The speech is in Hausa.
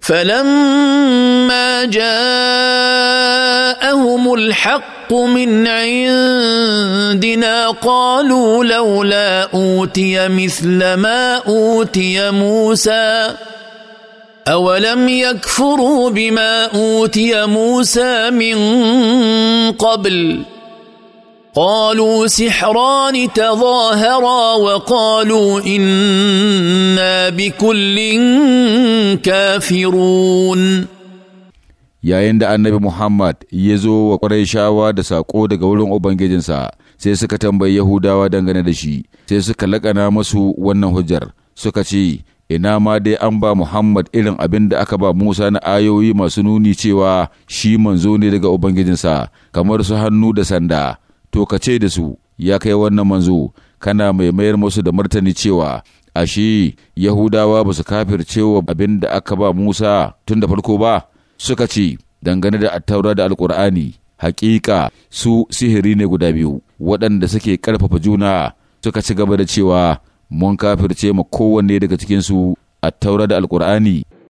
فلما جاءهم الحق من عندنا قالوا لولا اوتي مثل ما اوتي موسى اولم يكفروا بما اوتي موسى من قبل قالوا سحران تظاهرا وقالوا انا بكل كافرون yayin da annabi Muhammad ya zo wa shawa da saƙo daga wurin Ubangijinsa sai suka tambayi Yahudawa dangane da shi sai suka laƙana masu wannan hujjar suka ce ina ma dai an ba Muhammad irin abin da aka ba Musa na ayoyi masu nuni cewa shi manzo ne daga Ubangijinsa kamar su hannu da sanda to ka ce da su ya kai wannan manzo kana mai mayar musu da martani cewa ashe yahudawa ba su wa abin da aka ba musa tun da farko ba suka ce dangane da attaura da alkur'ani hakika su sihiri ne guda biyu waɗanda suke ƙarfafa juna suka ci gaba da cewa mun kafirce ma kowanne daga cikinsu attaura da alkur'ani